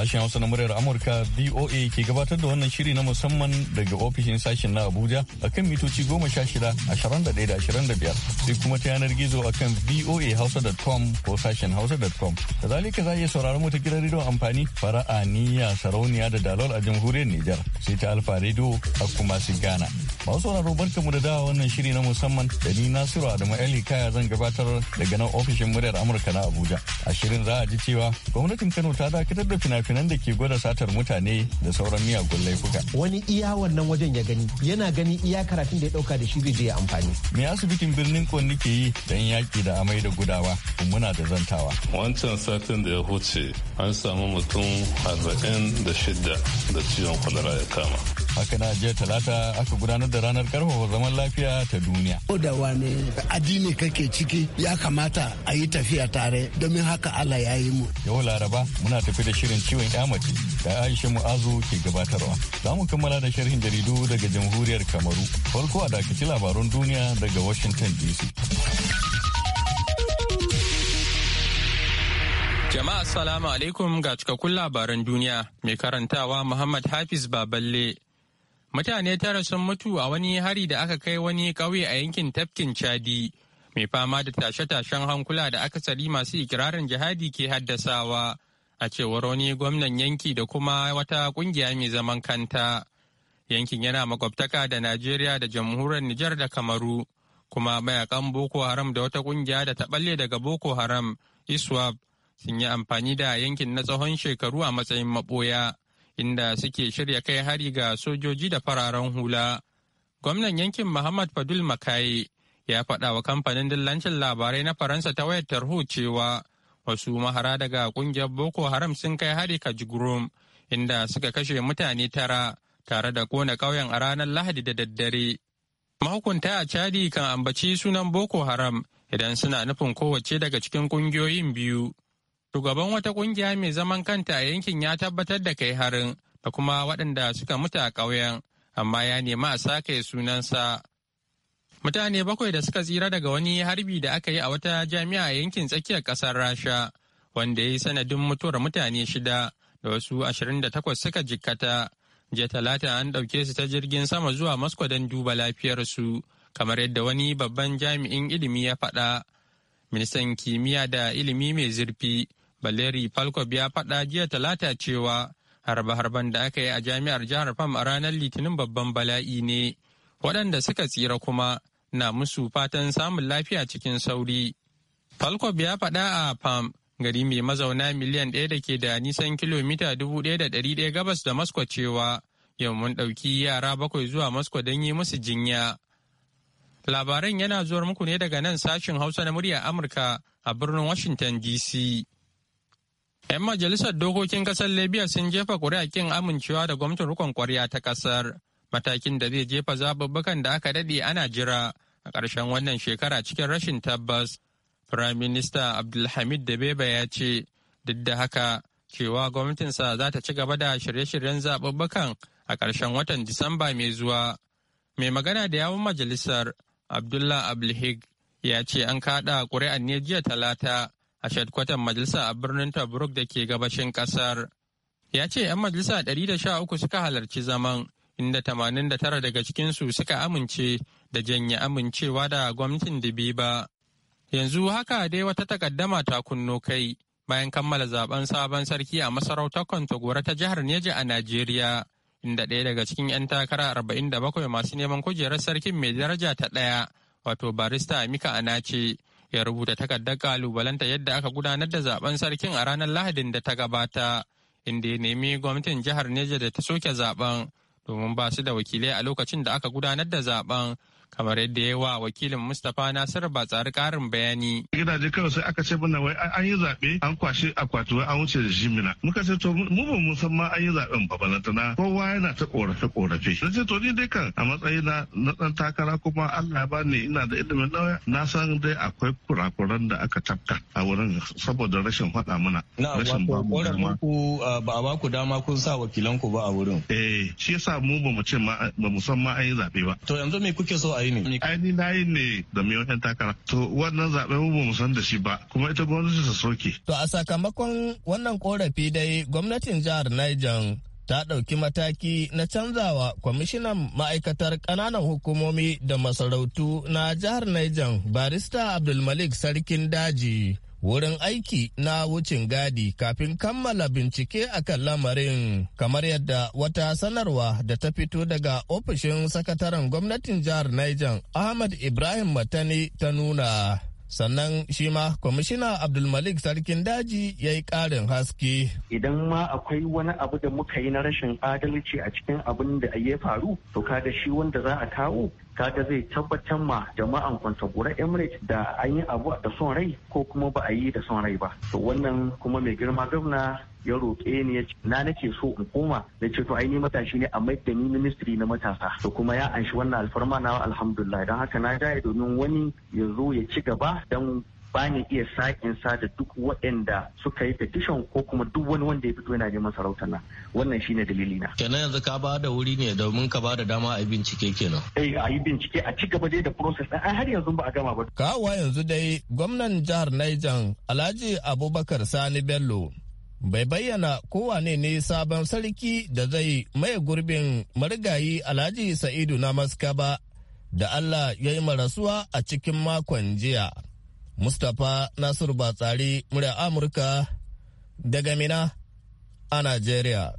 Sashen Hausa na muryar Amurka VOA ke gabatar da wannan shiri na musamman daga ofishin sashen na Abuja a kan mitoci goma sha shida ashirin da da ashirin da biyar sai kuma ta yanar gizo a kan akan voahausa.com ko sashen hausa.com. zalika za a iya sauraron wata gidan rediyon amfani fara'a niyya sarauniya da dalol a jamhuriyar Nijar sai ta alfa rediyo a kuma su Ghana. Masu sauraro barka mu da dawa wannan shiri na musamman da ni Nasiru Adamu Ali Kaya zan gabatar daga nan ofishin muryar Amurka na Abuja. A shirin za a ji cewa gwamnatin Kano ta dakatar da fina kafin nan da ke gwada satar mutane da sauran miyagun laifuka. Wani iya wannan wajen ya gani yana gani iya karatun da ya ɗauka da shi zai je ya amfani. Me asibitin birnin Kwanni ke yi don yaki da amai da gudawa muna da zantawa. Wancan satin da ya huce an samu mutum arba'in da shida da ciwon kwalara ya kama. haka na jiya talata aka gudanar da ranar karfafa zaman lafiya ta duniya. Ko da wane addini kake ciki ya kamata a yi tafiya tare domin haka Allah ya yi mu. Yau Laraba muna tafi da shirin ciwon mace da Aisha Mu'azu ke gabatarwa. Za mu kammala da sharhin jaridu daga jamhuriyar Kamaru. Farko a dakaci labarun duniya daga Washington DC. Jama'a salamu alaikum ga cikakkun labaran duniya mai karantawa Muhammad Hafiz Baballe. mutane tara sun mutu a wani hari da aka kai wani ƙauye a yankin tafkin chadi mai fama da tashe-tashen hankula da akasari masu ikirarin jihadi ke haddasawa a cewar wani gwamnan yanki da kuma wata ƙungiya mai zaman kanta yankin yana makwabtaka da najeriya da jamhuriyar nijar da kamaru kuma mayakan boko haram da wata ƙungiya da ta ɓalle daga boko haram iswap sun yi amfani da yankin na tsawon shekaru a matsayin maɓoya inda suke shirya kai hari ga sojoji da fararen hula. Gwamnan yankin Muhammad Fadul Makaye ya faɗa wa kamfanin dillancin labarai na Faransa ta wayar tarho cewa wasu mahara daga ƙungiyar Boko Haram sun kai hari Kajigurum inda suka kashe mutane tara tare da kona ƙauyen a ranar Lahadi da daddare. Mahukunta a Chadi kan ambaci sunan Boko Haram idan suna nufin kowace daga cikin ƙungiyoyin biyu. shugaban wata kungiya mai zaman kanta a yankin ya tabbatar da kai harin da kuma waɗanda suka mutu a ƙauyen amma ya nema a sake sunansa mutane bakwai da suka tsira daga wani harbi da aka yi a wata jami'a a yankin tsakiyar ƙasar rasha wanda ya yi sanadin mutuwar mutane shida da wasu ashirin da takwas suka jikkata jiya talata an ɗauke su ta jirgin sama zuwa moscow don duba lafiyarsu kamar yadda wani babban jami'in ilimi ya faɗa ministan kimiyya da ilimi mai zurfi Baleri Falkov ya faɗa jiya talata cewa harba-harban da aka yi a jami'ar jihar Fam a ranar Litinin babban bala'i ne, waɗanda suka tsira kuma na musu fatan samun lafiya cikin sauri. Falkov ya faɗa a Fam gari mai mazauna miliyan ɗaya da ke da nisan kilomita dubu ɗaya da ɗari ɗaya gabas da Moscow cewa yau mun ɗauki yara bakwai zuwa Moscow don yi musu jinya. Labaran yana zuwar muku ne daga nan sashin Hausa na murya Amurka a birnin Washington DC. 'Yan majalisar dokokin kasar Libya sun jefa kuri'a kin amincewa da gwamnatin rikon ƙwarya ta kasar, matakin da zai jefa zaɓuɓɓukan da aka daɗe ana jira a ƙarshen wannan shekara cikin rashin tabbas. Firayim Minista Abdulhamid Da beba ya ce, duk da haka cewa gwamnatinsa za ta ci gaba da shirye-shiryen zaɓuɓɓukan a ƙarshen watan Disamba mai zuwa. Mai magana da yawun majalisar Abdullah Abulhig ya ce an kaɗa ƙuri'ar ne jiya talata a shadkwatan majalisa a birnin tabruk da ke gabashin kasar. Ya ce 'yan majalisa 113 suka halarci zaman inda tamanin da tara daga cikinsu suka amince da janye amincewa da gwamnatin Dibiba. Yanzu haka dai wata takaddama ta kunno kai bayan kammala zaben sabon sarki a masarautar Kwantagora ta jihar Neja a Najeriya. Inda ɗaya daga cikin 'yan takara 47 masu neman kujerar sarkin mai daraja ta ɗaya, wato barista Mika Anace, ya rubuta takardar kalubalanta yadda aka gudanar da zaben sarkin a ranar lahadin da ta gabata inda ya nemi gwamnatin jihar neja da ta soke zaben domin ba su da wakilai a lokacin da aka gudanar da zaben kamar yadda ya wa wakilin Mustapha Nasir ba tsari karin bayani. Gidaje kawai sai aka ce mana wai an yi zaɓe an kwashe akwati wai an wuce da jimina. Muka ce to mu ba mu san ma an yi zaɓen ba balantana kowa yana ta korafe korafe. Na ce to ni dai kan a matsayi na na ɗan takara kuma Allah ba ne. ina da ilimin lauya na san dai akwai kurakuran da aka tafka a wurin saboda rashin faɗa mana. Na ah, ba a ba ku dama kun sa wakilanku ba a wurin. Eh shi yasa mu ba mu ce ma ba mu san ma an yi zaɓe ba. To yanzu me kuke so a Aini na yi ne da mai takara. To wannan mu mu san da shi ba kuma ita gwamnati ta soke. To a sakamakon wannan korafi dai gwamnatin jihar Niger ta ɗauki mataki na canzawa kwamishinan ma'aikatar ƙananan hukumomi da masarautu na jihar Niger barista Abdulmalik Sarkin Daji. wurin aiki na wucin gadi kafin kammala bincike akan lamarin kamar yadda wata sanarwa da ta fito daga ofishin sakataren gwamnatin jihar Niger Ahmad Ibrahim Matani ta nuna. sannan shi ma kwamishina abdulmalik sarkin daji ya yi karin haske idan ma akwai wani abu da muka yi na rashin adalci a cikin abin da ya faru to kada shi wanda za a kawo kada zai tabbatar ma jama'an kwantagora emirates da an yi abu da son rai ko kuma ba a yi da son rai ba to wannan kuma mai girma gwamna ya roƙe ni ya ce na nake so in koma da ce to ainihin matashi ne a da ni ministry na matasa to kuma ya anshi wannan alfarma na alhamdulillah don haka na jaye domin wani ya zo ya ci gaba don ba ni iya sakin sa da duk waɗanda suka yi petition ko kuma duk wani wanda ya fito yana neman sarautar nan wannan shine dalili na kenan yanzu ka ba da wuri ne domin ka ba da dama a yi bincike kenan eh a yi bincike a ci gaba dai da process din har yanzu ba a gama ba wa yanzu dai gwamnan jihar Niger Alhaji Abubakar Sani Bello bai bayyana kowane ne sabon sarki da zai maye gurbin marigayi alhaji sa'idu na maska ba da allah ya yi marasuwa a cikin makon jiya mustapha nasiru batsari murya amurka daga mina a nigeria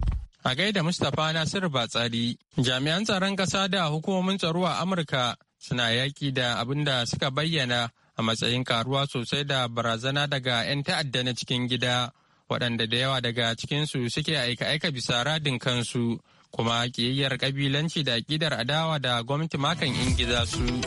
a gaida mustapha nasiru batsari jami'an tsaron kasa da hukumomin tsaro a amurka suna yaƙi da abin da suka bayyana a matsayin karuwa sosai da barazana daga 'yan ta'adda na cikin gida waɗanda da yawa daga cikinsu suke aika-aika bisa radin kansu kuma ƙiyayyar ƙabilanci da ƙidar adawa da gwamnati makan ingiza su.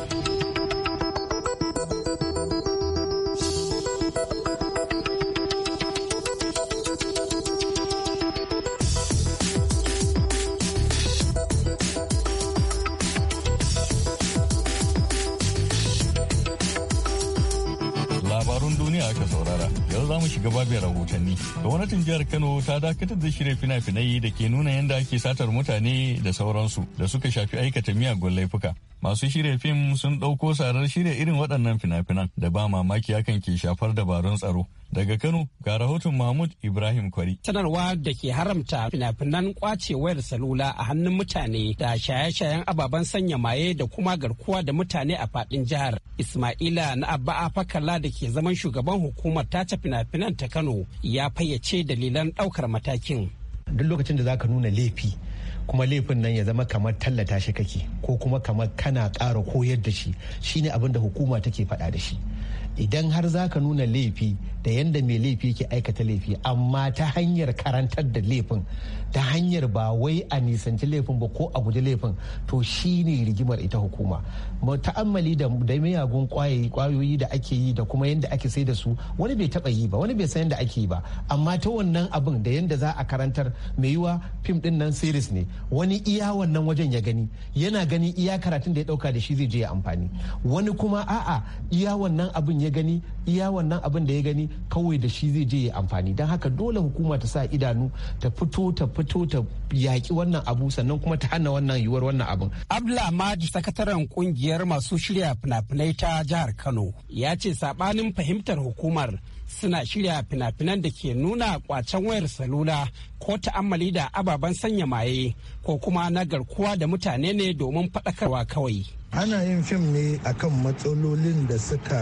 gaba babin rahotanni. Gwamnatin jihar Kano ta dakatar da shirya fina-finai da ke nuna yadda ake satar mutane da sauransu da suka shafi aikata miyagun laifuka. Masu shirya fim sun ɗauko sarar shirya irin waɗannan fina-finan da ba mamaki hakan ke shafar dabarun tsaro. Daga Kano ga rahoton Mahmud Ibrahim Kwari. Sanarwa da ke haramta fina-finan kwace wayar salula a hannun mutane da shaye-shayen ababen sanya maye da kuma garkuwa da mutane a fadin jihar. Ismaila na Abba fakala da ke zaman shugaban hukumar tace fina-finan ta Kano ya fayyace dalilan daukar matakin. Duk lokacin da zaka nuna laifi kuma laifin nan ya zama kamar tallata shi kake ko kuma kamar kana ƙara koyar da shi shine abin da hukuma take faɗa da shi. idan har za ka nuna laifi da yadda mai laifi ke aikata laifi amma ta hanyar karantar da laifin ta hanyar ba wai a nisanci laifin ba ko a guji laifin to shi ne rigimar ita hukuma ta'ammali da miyagun kwayoyi da ake yi da kuma yadda ake sai da su wani bai taba yi ba wani bai san yadda ake yi ba amma ta wannan abin da yadda za a karantar mai yiwa fim din nan series ne wani iya wannan wajen ya gani yana gani iya karatun da ya dauka da shi zai je ya amfani wani kuma a'a iya wannan abin ya gani iya wannan abin da ya gani kawai da shi zai je ya amfani don haka dole hukuma ta sa idanu ta fito ta fi. fito ta yaƙi wannan abu sannan kuma ta hana wannan yiwuwar wannan abin. Abla Madi sakataren kungiyar masu shirya fina-finai ta jihar Kano ya ce sabanin fahimtar hukumar suna shirya fina-finan da ke nuna kwacen wayar salula ko ta'ammali da ababen sanya maye ko kuma na garkuwa da mutane ne domin faɗakarwa kawai. ana yin fim ne akan matsalolin da suka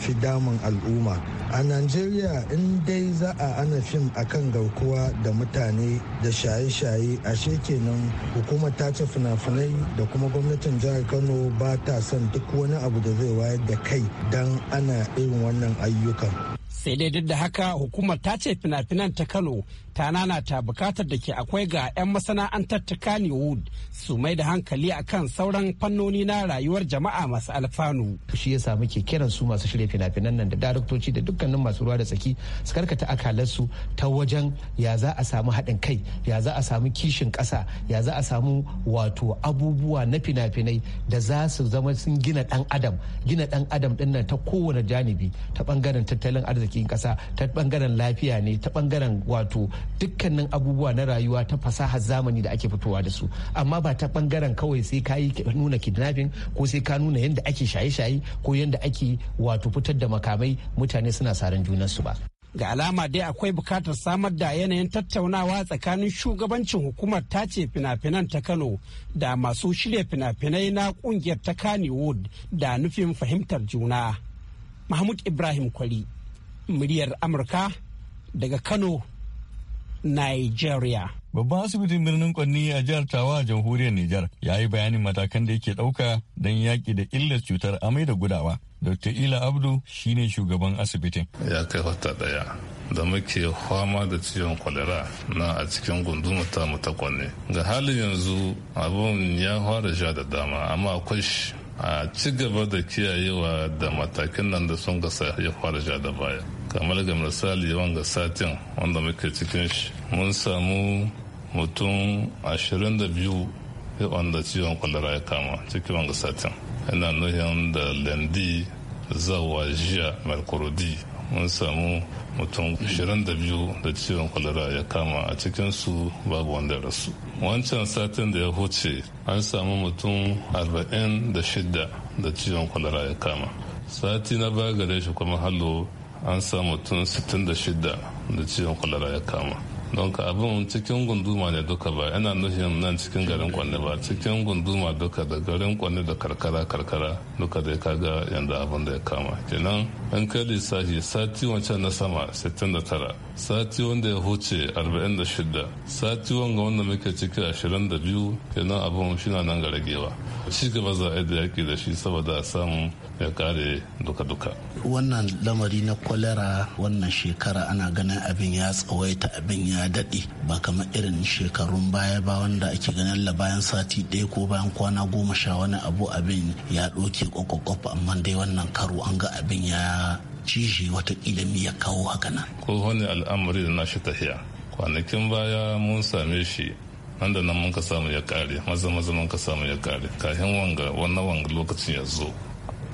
fi damun al'umma a najeriya in dai za a ana fim akan garkuwa da mutane da shaye-shaye ashe kenan hukumar ta ce fina-finai da kuma gwamnatin jihar kano ba ta son duk wani abu da zai wayar da kai dan ana irin wannan ayyukan sai dai duk da haka hukumar ta ce fina-finan ta kano ta nanata bukatar da ke akwai ga 'yan masana'antar Kannywood su mai da hankali akan sauran fannoni na rayuwar jama'a masu alfanu. Shi ya samu ke kiran su masu shirya fina-finan nan da daraktoci da dukkanin masu ruwa da tsaki su karkata akalarsu ta wajen ya za a samu haɗin kai, ya za a samu kishin ƙasa, ya za a samu wato abubuwa na fina-finai da za su zama sun gina ɗan adam, gina ɗan adam ɗin nan ta kowane janibi ta ɓangaren tattalin arzikin ƙasa, ta ɓangaren lafiya ne, ta ɓangaren wato dukkanin abubuwa na rayuwa ta fasahar zamani da ake fitowa da su amma ba ta bangaren kawai sai ka yi nuna kidnapping ko sai ka nuna yadda ake shaye-shaye ko yadda ake wato fitar da makamai mutane suna saran junansu ba ga alama dai akwai bukatar samar da yanayin tattaunawa tsakanin shugabancin hukumar tace fina-finan ta kano da masu shirya fina-finai na kungiyar ta kannywood da nufin fahimtar juna mahmud ibrahim kwari muryar amurka daga kano Nigeria. Babban asibitin birnin Kwanni a jihar Tawa a jamhuriyar Nijar ya yi bayanin matakan da yake ɗauka don yaƙi da illar cutar amai da gudawa. Dr. Ila Abdu shine shugaban asibitin. Ya kai wata ɗaya da muke fama da ciwon kwalera na a cikin gunduma ta mu ta Ga halin yanzu abun ya fara sha da dama amma akwai a ci gaba da kiyayewa da matakin nan da sun gasa ya fara sha da baya. kamar ga misali wanga satin wanda muke cikin shi mun samu mutum 22 wanda ciwon kwalara ya kama cikin wanga satin yana nuhin da lendi zawa jiya merkurodi mun samu mutum 22 da ciwon kwalara ya kama a cikin su babu wanda rasu wancan satin da ya huce an samu mutum 46 da ciwon kwalara ya kama sati na baya gare shi kuma hallo an sa mutum 66 da ciwon kwalara ya kama don ka abin cikin gunduma ne duka ba yana nufin nan cikin garin kwanne ba cikin gunduma duka da garin kwanne da karkara karkara duka da ya kaga yanda abin da ya kama kenan an kai lissafi sati wancan na sama 69 sati wanda ya huce 46 sati wanga wanda muke ciki 22 kenan abin shi na nan ga ragewa ci gaba za a yi da yaki da shi saboda a samu ya kare duka-duka. Wannan lamari na kwalera wannan shekara ana ganin abin ya tsawaita abin ya daɗe ba kamar irin shekarun baya ba wanda ake ganin la bayan sati ɗaya ko bayan kwana goma sha wani abu abin ya ɗoke kwakwakwaf amma dai wannan karo an ga abin ya cije watakila mi ya kawo haka nan. Ko wani al'amari da nashi tahiya kwanakin baya mun same shi nan da nan mun ka samu ya kare maza maza mun ka samu ya kare kafin wanga wannan wanga lokacin ya zo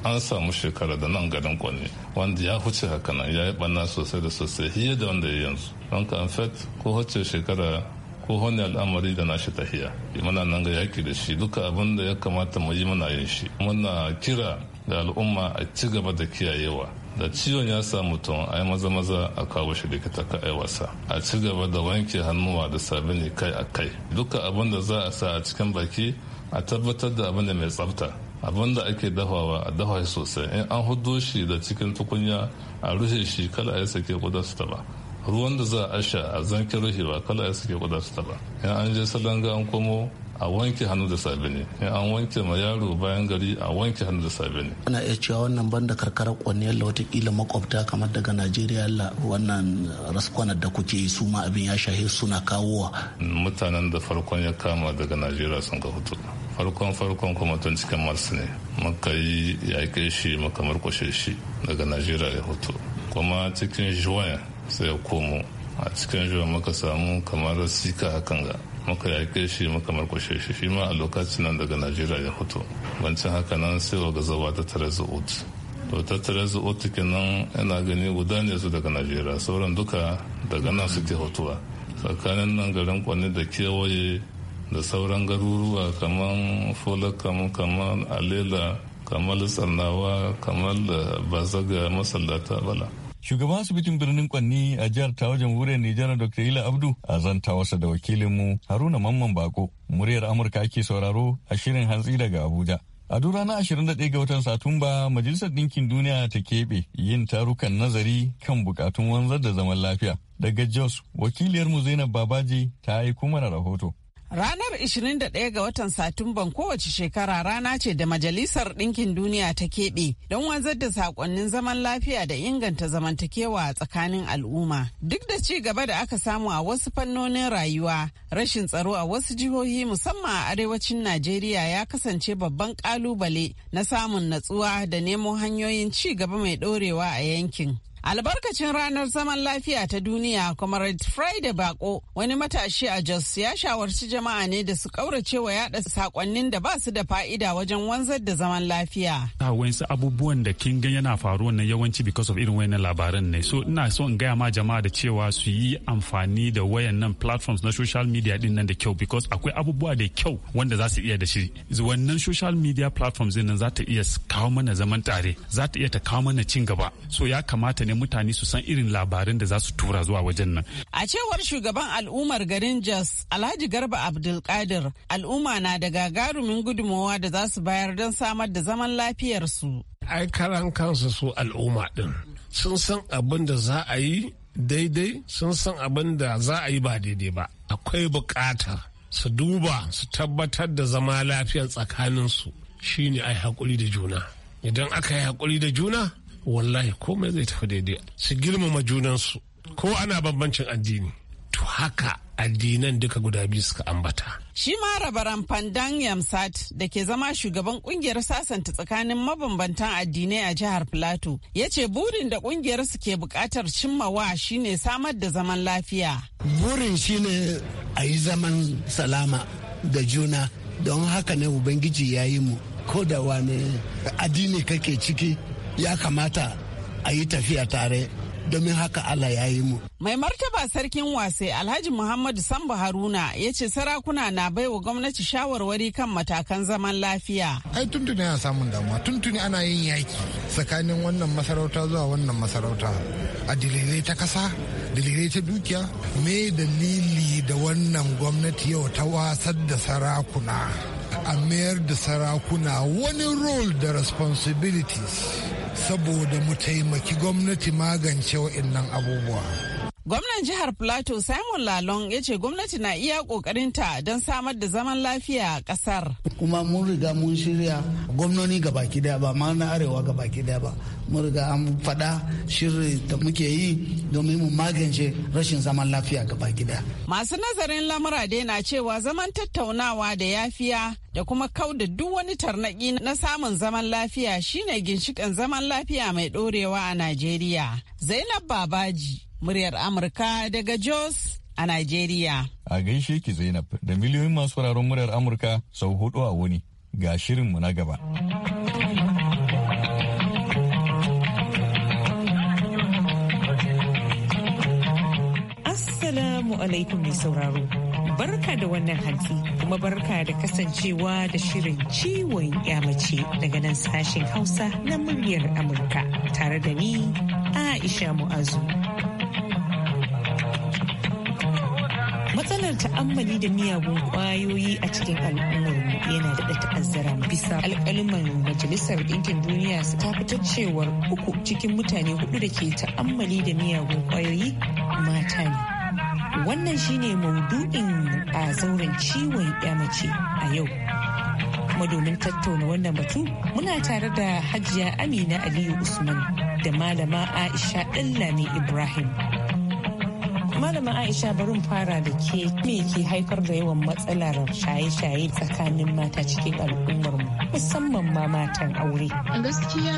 an samu shekara da nan garin kwanne wanda ya huce haka nan ya yi banna sosai da sosai hiye da wanda ya yanzu don ka amfet ko huce shekara ko wani al'amari da nashi tahiya muna nan ga yaki da shi duka abin da ya kamata mu yi muna yin shi muna kira da al'umma a ci gaba da kiyayewa da ciwon ya sa mutum a yi maza maza a kawo shi likita ka ai wasa a ci gaba da wanke hannuwa da sabini kai a kai duka abin da za a sa a cikin baki a tabbatar da abin da mai tsafta abin da ake dafawa a dafa shi sosai in an hudu shi da cikin tukunya a rushe shi kala ya sake kuda su taba ruwan da za a sha a zanki rushe ba kala ya sake kuda su taba in an je salanga an komo a wanke hannu da sabini in an wanke ma yaro bayan gari a wanke hannu da sabini ana iya cewa wannan banda karkarar kwanne watakila makwabta kamar daga najeriya la wannan raskwanar da kuke su ma abin ya shahe suna kawowa mutanen da farkon ya kama daga najeriya sun ka hutu farkon farkon tun cikin mars ne muka yi yaƙe shi muka murkushe shi daga najeriya ya hoto kuma cikin juwaya sai ya komo a cikin juwaya muka samu kamar sika hakan ga muka yaƙe shi muka murkushe shi shi ma a lokacin nan daga najeriya ya hoto bancin haka nan sai wa gazawa ta tare to ta tare kenan yana gani guda ne su daga najeriya sauran duka daga nan suke hotuwa tsakanin nan garin kwanne da kewaye da sauran garuruwa kamar folakam kamar alela kamar tsarnawa kamar bazaga masallata bala shugaban asibitin birnin kwanni a jihar ta wajen wurin nijar dr ila abdu a zanta wasa da wakilinmu haruna mamman bako muryar amurka ake sauraro a shirin hantsi daga abuja A duk ranar 21 ga watan Satumba, Majalisar Ɗinkin Duniya ta keɓe yin tarukan nazari kan bukatun wanzar da zaman lafiya. Daga Jos, wakiliyarmu Zainab Babaji ta aiko mana rahoto. Ranar 21 ga watan Satumban kowace shekara rana ce da Majalisar Ɗinkin Duniya ta keɓe don wanzar da saƙonnin zaman lafiya da inganta zamantakewa a tsakanin al'umma. Duk da ci gaba da aka samu a wasu fannonin rayuwa, rashin tsaro a wasu jihohi musamman a arewacin Najeriya ya kasance babban ƙalubale na samun natsuwa da nemo hanyoyin ci gaba mai ɗorewa a yankin. Albarkacin ranar zaman lafiya ta duniya, Comrade Friday Bako, wani matashi a Jos ya shawarci jama'a ne da su kaurace wa yada sakonnin da ba su da fa'ida wajen wanzar da zaman lafiya. Ta wayansu abubuwan da kin ga yana faruwa na yawanci because of irin wayannan labaran ne. So ina so in gaya ma jama'a da cewa su yi amfani da wayannan platforms na social media din nan da kyau because akwai abubuwa da kyau wanda za su iya da shi. Wannan social media platforms din nan za ta iya kawo mana zaman tare, za ta iya ta kawo mana cin gaba. So ya kamata ne mutane mutane su san irin labarin da za su tura zuwa wajen nan. A cewar shugaban al'ummar garin Jos Alhaji Garba Abdulkadir al'umma na da gagarumin gudunmawa da za su bayar don samar da zaman lafiyarsu. Ai karan kansu su al'umma din sun san abin da za a yi daidai sun san abin da za a yi ba daidai ba akwai bukata su duba su tabbatar da zama lafiyar tsakanin tsakaninsu shine ai hakuri da juna idan aka yi hakuri da juna wallahi komai zai tafi daidai su girmama junansu ko ana bambancin addini to haka addinan duka guda biyu suka ambata. Shi ma rabaran Pandan Yamsat da ke zama shugaban kungiyar sasanta tsakanin mabambantan addinai a jihar Filato ya ce burin da kungiyar su ke bukatar cimmawa shine samar da zaman lafiya. Burin shine a yi zaman salama da juna don haka ne Ubangiji ya yi mu ko da wane addini kake ciki ya kamata a yi tafiya tare domin haka Allah ya yi mu. Mai martaba sarkin wase Alhaji Muhammadu Sambu Haruna ya ce sarakuna na baiwa gwamnati shawarwari kan matakan zaman lafiya. Ai tuntuni ana samun damuwa tuntuni ana yin yaki tsakanin wannan masarauta zuwa wannan masarauta a dalilai ta kasa dalilai ta dukiya me dalili da wannan gwamnati yau ta wasar da sarakuna a mayar da sarakuna wani role da responsibilities saboda mu taimaki gwamnati magance waɗannan abubuwa. Gwamnan jihar Plateau Simon Lalong ya ce gwamnati na iya ta don samar da zaman lafiya a kasar. Kuma mun riga mun shirya gwamnoni baki daya ba ma na arewa baki daya ba. Mun riga an faɗa shirin da muke yi domin mu magance rashin zaman lafiya ga baki daya. Masu nazarin lamura dai na cewa zaman tattaunawa da yafiya da kuma kau da duk wani tarnaƙi na samun zaman lafiya shine ginshiƙan zaman lafiya mai ɗorewa a Najeriya. Zainab Babaji. muryar Amurka daga Jos a Najeriya. A gaishe ki Zainab da miliyoyin masu wuraren muryar Amurka sau hudu a wuni ga shirinmu na gaba. Assalamu alaikum mai sauraro. Barka da wannan hanti kuma barka da kasancewa da shirin ciwon mace daga nan sashen Hausa na muryar Amurka tare da ni Aisha Mu'azu. matsalar ta'ammali da miyagun kwayoyi a cikin al'ummarmu yana da ta'azzara bisa alƙaluman majalisar ɗinkin duniya ta fitar cewar uku cikin mutane hudu da ke ta'ammali da miyagun kwayoyi mata ne wannan shine maudu'in a zauren ciwon mace a yau kuma domin tattauna wannan batu muna tare da hajiya amina aliyu usman da malama aisha ɗallami ibrahim Malama Aisha barin fara da ke me ke haifar da yawan matsalar shaye-shaye tsakanin mata cikin al'ummar mu musamman ma matan aure. Gaskiya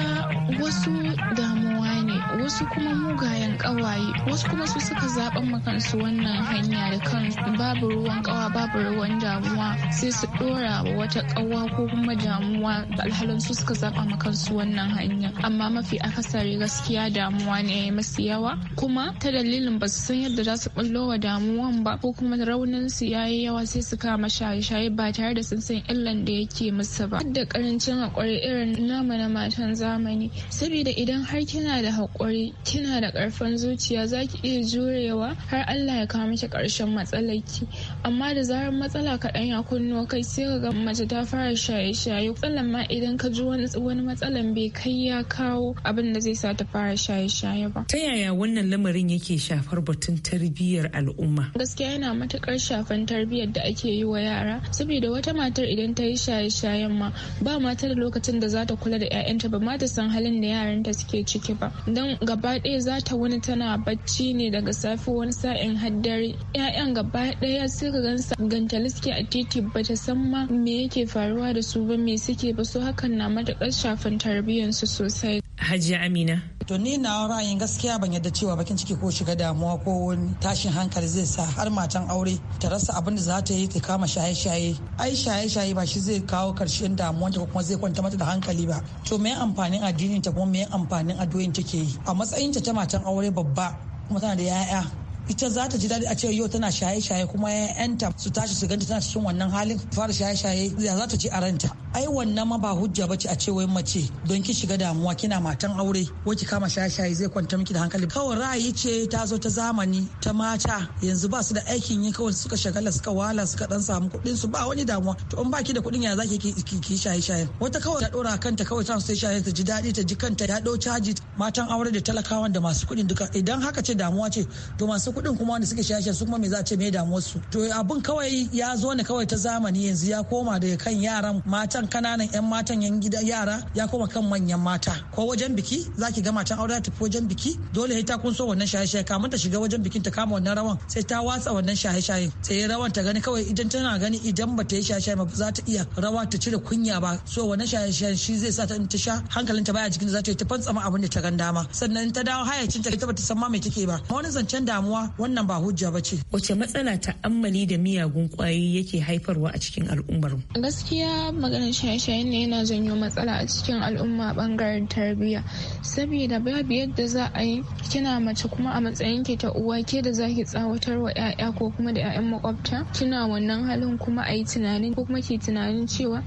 wasu damuwa ne wasu kuma mugaye kawaye wasu kuma su suka zaɓan makansu wannan hanya da kansu babu ruwan kawa babu ruwan damuwa sai su ɗora wata kawa ko kuma damuwa da alhalin su suka zaɓa makansu wannan hanya amma mafi akasari gaskiya damuwa ne ya masu yawa kuma ta dalilin ba su san yadda za su ɓullo wa damuwan ba ko kuma raunin su ya yi yawa sai su kama shaye-shaye ba tare da sun san illan da yake musu ba da karancin haƙuri irin namu na matan zamani saboda idan har kina da haƙuri kina da ƙarfin ciwon zuciya za ki iya jurewa har Allah ya kawo miki ƙarshen matsalarki amma da zarar matsala kaɗan ya kunnuwa kai sai ka ga mace ta fara shaye-shaye tsallan ma idan ka ji wani wani matsalan bai kai ya kawo abin da zai sa ta fara shaye-shaye ba. Ta yaya wannan lamarin yake shafar batun tarbiyyar al'umma? Gaskiya yana matuƙar shafan tarbiyyar da ake yi wa yara saboda wata matar idan ta yi shaye-shayen ma ba mata da lokacin da za ta kula da 'ya'yanta ba ma ta san halin da yaranta suke ciki ba don gaba ɗaya za ta wani tana bacci ne daga safe wani sa'in har dare ƴaƴan gaba ɗaya sai ka gansa ganta suke a titi bata san ma me yake faruwa da su ba me suke ba su hakan na matuƙar shafin tarbiyyarsu sosai hajiya amina to ni na ra'ayin gaskiya ban yadda cewa bakin ciki ko shiga damuwa ko wani tashin hankali zai sa har matan aure ta rasa abin da za ta yi ta kama shaye-shaye ai shaye-shaye ba shi zai kawo karshen damuwa ta kuma zai kwanta mata da hankali ba to me amfanin addinin ta kuma me amfanin addu'o'in take yi a matsayin ta ta matan aure babba kuma tana da 'ya'ya ita za ta ji daɗi a ce yau tana shaye-shaye kuma ya'yanta su tashi su ganta tana cikin wannan halin fara shaye-shaye ya za ta ci a ranta ai wannan ma ba hujja bace a ce wai mace don ki shiga damuwa kina matan aure wai ki kama shaye-shaye zai kwanta miki da hankali kawai ra'ayi ce ta zo ta zamani ta mata yanzu ba su da aikin yi kawai suka shagala suka wala suka dan samu kuɗin su ba wani damuwa to in baki da kuɗin ya zaki ki ki shaye-shaye wata kawai ta dora kanta kawai ta sai shaye ta ji daɗi ta ji kanta ya ɗau caji matan aure da talakawan da masu kuɗin duka idan haka ce damuwa ce to masu kuɗin kuma wanda suke shashe su kuma me za a ce me damuwarsu to abun kawai ya zo ne kawai ta zamani yanzu ya koma da kan yaran matan kananan yan matan yan gida yara ya koma kan manyan mata ko wajen biki zaki ga matan aure ta wajen biki dole ta kun so wannan shaye-shaye kamun ta shiga wajen bikin ta kama wannan rawan sai ta watsa wannan shaye-shayen sai rawan ta gani kawai idan tana gani idan ba ta yi shaye-shaye ba za ta iya rawa ta cire kunya ba so wannan shaye-shayen shi zai sa ta ta sha hankalinta baya jikin za ta yi ta fantsama abin da ta gan dama sannan ta dawo hayacin ta ita ba ta san ma me take ba wani zancen damuwa wannan ba hujja ba ce. Wace matsala ta'ammali da miyagun kwayoyi yake haifarwa a cikin al'ummar? Gaskiya maganin shaye-shayen ne yana janyo matsala a cikin al'umma bangaren tarbiyya. Saboda babu yadda za a yi kina mace kuma a matsayin ki ta uwa ke da zaki tsawatar wa 'ya'ya ko kuma da 'ya'yan makwabta kina wannan halin kuma a yi tunanin ko kuma ke tunanin cewa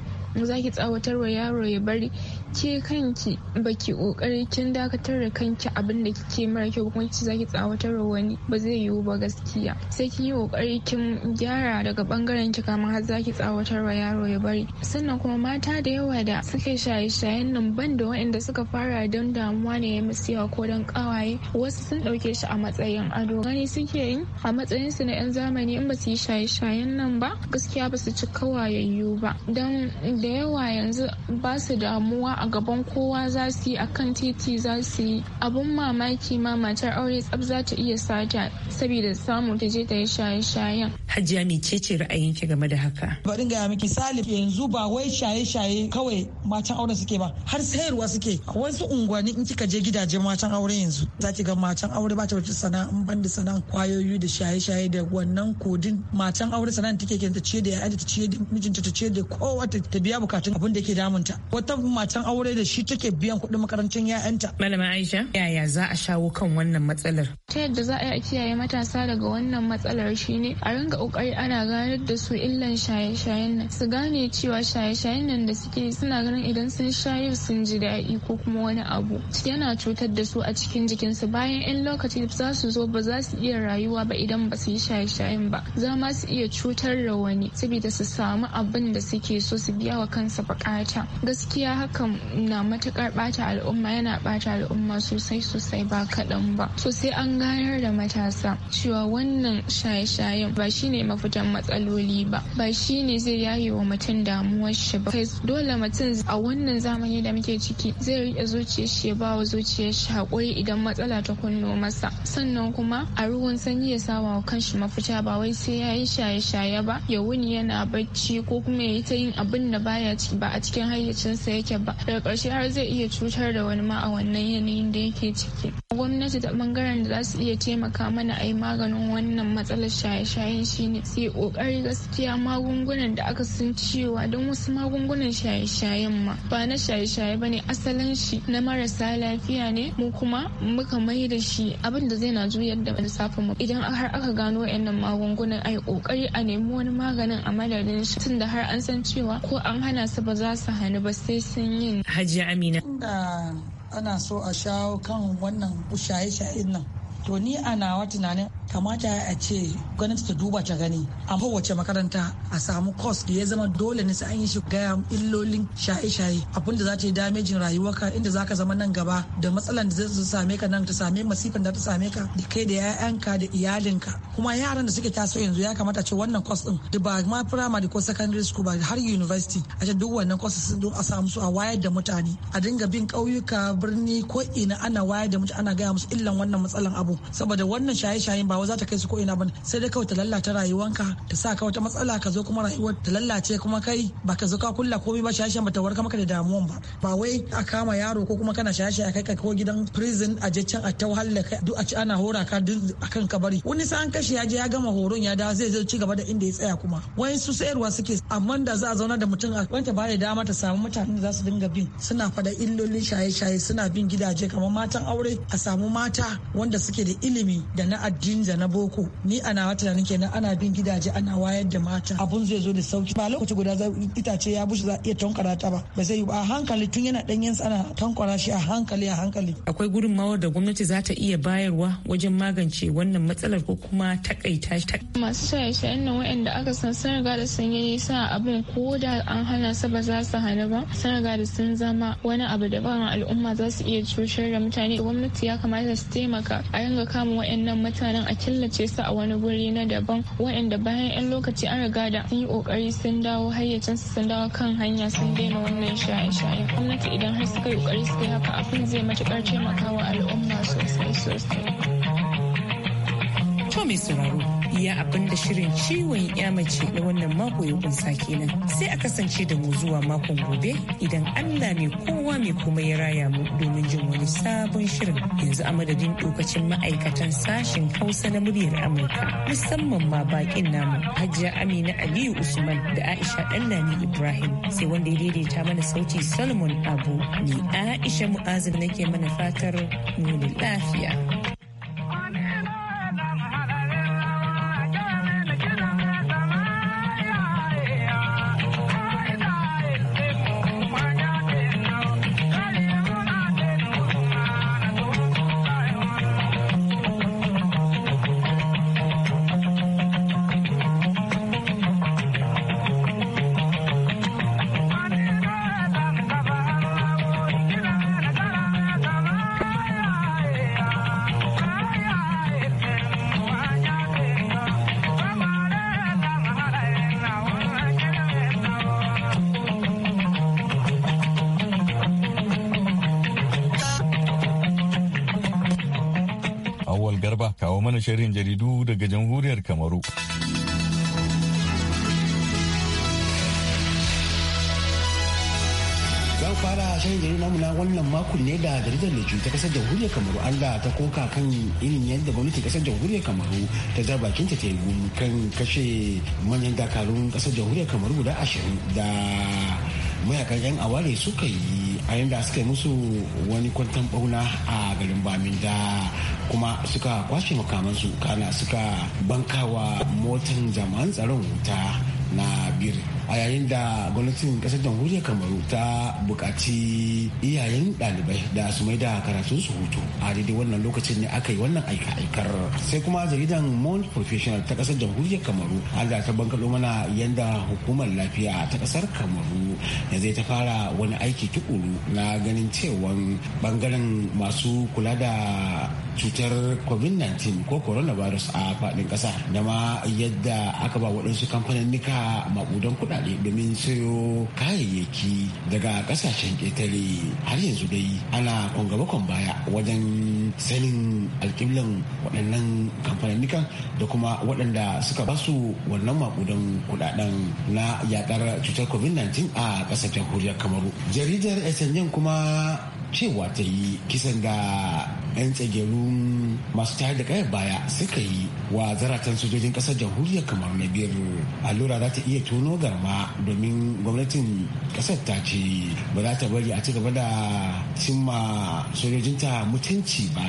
zaki tsawatar wa yaro ya bari ke kanki baki kokari kin dakatar da kanki abin da kike mara kyau kuma kici zaki tsawatar wa wani ba zai yiwu ba gaskiya sai kin yi kokari kin gyara daga bangaren ki kamar har zaki tsawatar wa yaro ya bari sannan kuma mata da yawa da suke shaye-shayen nan ban da waɗanda suka fara don damuwa ne ya musu yawa ko don kawaye wasu sun ɗauke shi a matsayin ado gani suke yi a matsayin su na 'yan zamani in ba su yi shaye-shayen nan ba gaskiya ba su ci kawayayyu ba don da yawa yanzu ba su damuwa a gaban kowa za su yi akan titi za su yi abun mamaki ma matar aure tsab za ta iya sata saboda samu ta je ta yi shaye-shayen. Hajiya cece ra'ayin ki game da haka? Bari gaya miki sali yanzu ba wai shaye-shaye kawai matan aure suke ba har sayarwa suke wasu unguwanni in kika je gidajen matan aure yanzu za ki ga matan aure ba ta wata sana'a in ban da sana'a kwayoyi da shaye-shaye da wannan kodin matan aure sana'a take kenta ciye da ya'ya ta ciye da mijinta ta ciye da kowa ta biya bukatun abin da ke damunta wata matan aure da shi take biyan kuɗin makarantar 'ya'yanta. malama aisha yaya za a shawo kan wannan matsalar ta yadda za a kiyaye matasa daga wannan matsalar shine a ringa kokari ana ganar da su illan shaye-shayen nan su gane cewa shaye-shayen nan da suke suna ganin idan sun shayar sun ji daɗi ko kuma wani abu yana cutar da su a cikin jikinsu bayan 'yan lokaci za su zo ba za su iya rayuwa ba idan ba su yi shaye-shayen ba za ma su iya cutar da wani saboda su samu abin da suke so su biya wa kansa bukata gaskiya hakan na matukar bata al'umma yana bata al'umma sosai sosai ba kaɗan ba sosai an gayar da matasa cewa wannan shaye-shayen ba shine mafitan matsaloli ba ba shine zai yaye wa mutum damuwar shi ba dole mutum a wannan zamani da muke ciki zai riƙe zuciyar shi ya ba wa zuciyar shi hakuri idan matsala ta kunno masa sannan kuma a ruwan sanyi ya sawa wa kanshi mafita ba wai sai yayi shaye-shaye ba ya wuni yana bacci ko kuma ya yi ta yin abin da baya ba a cikin hayyacinsa yake ba daga karshe har zai iya cutar da wani ma a wannan yanayin da yake ciki gwamnati ta bangaren da za su iya taimaka mana a yi maganin wannan matsalar shaye-shayen shine su yi ƙoƙari gaskiya magungunan da aka sun cewa don wasu magungunan shaye-shayen ma ba na shaye-shaye ba ne asalin shi na marasa lafiya ne mu kuma muka mai da shi abin da zai na juyar da lissafin mu idan har aka gano wayannan magungunan a yi ƙoƙari a nemi wani maganin a madadin shi tunda har an san cewa ko an an hana su ba za su hannu ba sai sun yi hajiya amina ana so a shawo kan wannan shaye-shayen nan to ni a nawa tunanin kamata a ce gwamnati ta duba ta gani a kowace makaranta a samu kos da ya zama dole ne sai an yi shi gaya illolin shaye-shaye abin da za ta yi damejin rayuwarka inda za ka zama nan gaba da matsalan da zai same ka nan ta same masifan da ta same ka da kai da 'ya'yanka da iyalinka kuma yaran da suke taso yanzu ya kamata ce wannan kos din da ba ma primary ko secondary school ba har university a ce duk wannan kos sun don a samu su a wayar da mutane a dinga bin ƙauyuka birni ko ina ana wayar da mutane ana gaya musu illan wannan matsalan abu saboda wannan shaye-shayen ba ba za ta kai su ko'ina ba sai dai kawai ta lallata rayuwanka ta sa ka wata matsala ka zo kuma rayuwar ta lallace kuma kai ba ka zo ka kulla komai ba shashen ba ta warka maka da damuwan ba ba wai a kama yaro ko kuma kana shashe a kai ka ko gidan prison a je can a ta wahala kai duk a ci ana hora ka duk ka kabari wani sa'an kashi ya je ya gama horon ya dawo zai zo ci gaba da inda ya tsaya kuma wani su sayarwa suke amma da za a zauna da mutum a wanda ba da dama ta samu mutanen da za su dinga bin suna fada illolin shaye-shaye suna bin gidaje kamar matan aure a samu mata wanda suke da ilimi da na addini da na boko ni ana wata tunanin kenan ana bin gidaje ana wayar da mata abun zai zo da sauki ba lokaci guda itace ya bushe za iya tankara ta ba ba zai ba a hankali tun yana danyen ana tankara shi a hankali a hankali akwai gurin gudunmawar da gwamnati za ta iya bayarwa wajen magance wannan matsalar ko kuma takaita ta masu shaye-shayen nan waɗanda aka san sun riga da sun yi nisa abin ko da an hana su ba za su hana ba sun riga da sun zama wani abu da ban al'umma za su iya cutar da mutane gwamnati ya kamata su taimaka a yanga kama waɗannan mutanen a killace su a wani guri na daban waɗanda bayan 'yan lokaci an riga da sun yi kokari sun dawo hayyacinsu sun dawo kan hanya sun daina wannan shaye-shaye gwamnati idan har suka yi kokari suka yi haka abin zai matukar taimakawa al'umma sosai sosai. To sauraro iya abin da shirin ciwon ya mace na wannan mako ya kunsa kenan sai a kasance da mu zuwa makon gobe idan allah ne kowa mai kuma ya raya mu domin jin wani sabon shirin yanzu a madadin lokacin ma'aikatan sashen hausa na muryar amurka musamman ma bakin namu hajiya amina aliyu usman da aisha dallani ibrahim sai wanda ya daidaita mana sauti solomon abu ni aisha mu'azin nake mana fatar nuna lafiya shirin jaridu daga jamhuriyar Kamaru. zan fara shirin jaridu namu na wannan makon ne da jaridar da ta kasar jamhuriyar kamaru allah ta koka kan irin yadda gwamnatin kasar jamhuriyar kamaru ta zaba kinta ta yi kan kashe manyan dakarun kasar jamhuriyar kamaru guda ashirin da mayakan 'yan aware suka yi a yadda suka yi musu wani kwantan bauna a garin baminda kuma suka kwashe makamansu kana suka bankawa motan jami'an tsaron wuta na biyu a yayin da gwamnatin kasar jamhuriyar kamaru ta bukaci iyayen dalibai da su mai da karatun su hutu a daidai wannan lokacin ne aka yi wannan aika-aikar sai kuma jaridan mount professional ta kasar jamhuriyar kamaru allah ta bankalo mana yanda hukumar lafiya ta kasar kamaru da zai ta fara wani aiki tukuru na ganin cewan bangaren masu kula da cutar covid-19 ko coronavirus a faɗin ƙasa da ma yadda aka ba waɗansu kamfanin nika maƙudan kuɗa kuɗaɗe domin sayo kayayyaki daga ƙasashen ƙetare har yanzu dai ana kwangabakon baya wajen sanin alƙiblan waɗannan kamfaninnikan da kuma waɗanda suka ba su wannan makudan kuɗaɗen na yaƙar cutar covid-19 a ƙasar jamhuriyar kamaru jaridar sn kuma cewa ta yi kisan da 'yan tsagerun masu tayar da kayan baya suka yi wa zaratan sojojin kasar jamhuriyar kamar na biyar allura za ta iya tono garma domin gwamnatin kasar ta ce ba za ta bari a ci gaba da cimma sojojinta mutunci ba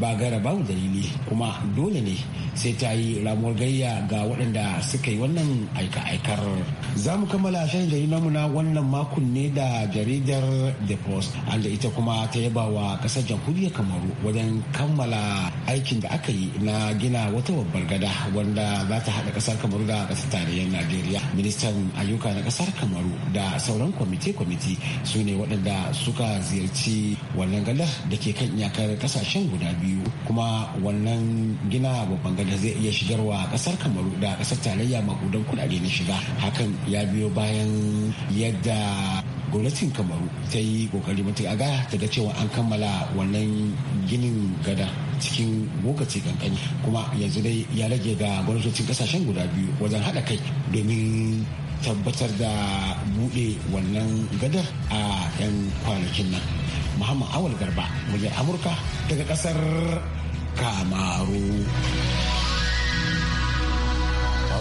ba gara babu dalili kuma dole ne sai ta yi ramuwar gayya ga waɗanda suka yi wannan aika-aikar za mu kammala shan jaridar mu na wannan makon ne da jaridar the post da ita kuma ta yaba wa ƙasar jamhuriyar kamaru wajen kammala aikin da aka yi na gina wata babbar gada wanda za ta haɗa ƙasar kamaru da ƙasar tarayyar najeriya ministan ayyuka na ƙasar kamaru da sauran kwamite-kwamite su ne waɗanda suka ziyarci wannan gadar da ke kan iyakar ƙasashen guda biyu. biyu kuma wannan gina babban gada zai iya shigarwa kasar kamaru da kasar tarayya makudan kudade na shiga hakan ya biyo bayan yadda gwamnatin kamaru ta yi kokari a ga ta ga cewa an kammala wannan ginin gada cikin lokaci kankani kuma yanzu dai ya rage ga gwamnatocin kasashen guda biyu wajen haɗa kai domin tabbatar da buɗe wannan gadar a 'yan kwanakin nan Muhammad Awal Garba, muryar Amurka daga kasar Kamaru.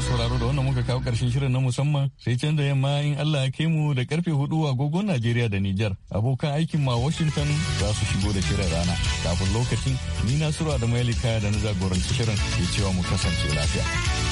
sauraro da wannan muka kawo karshen shirin na musamman sai canza yamma in Allah ya kai mu da karfe hudu a gogon Najeriya da Nijar abokan aikin ma Washington za su shigo da shirin rana kafin lokacin ni na da Mailika da na jagoranci shirin ke cewa mu kasance lafiya.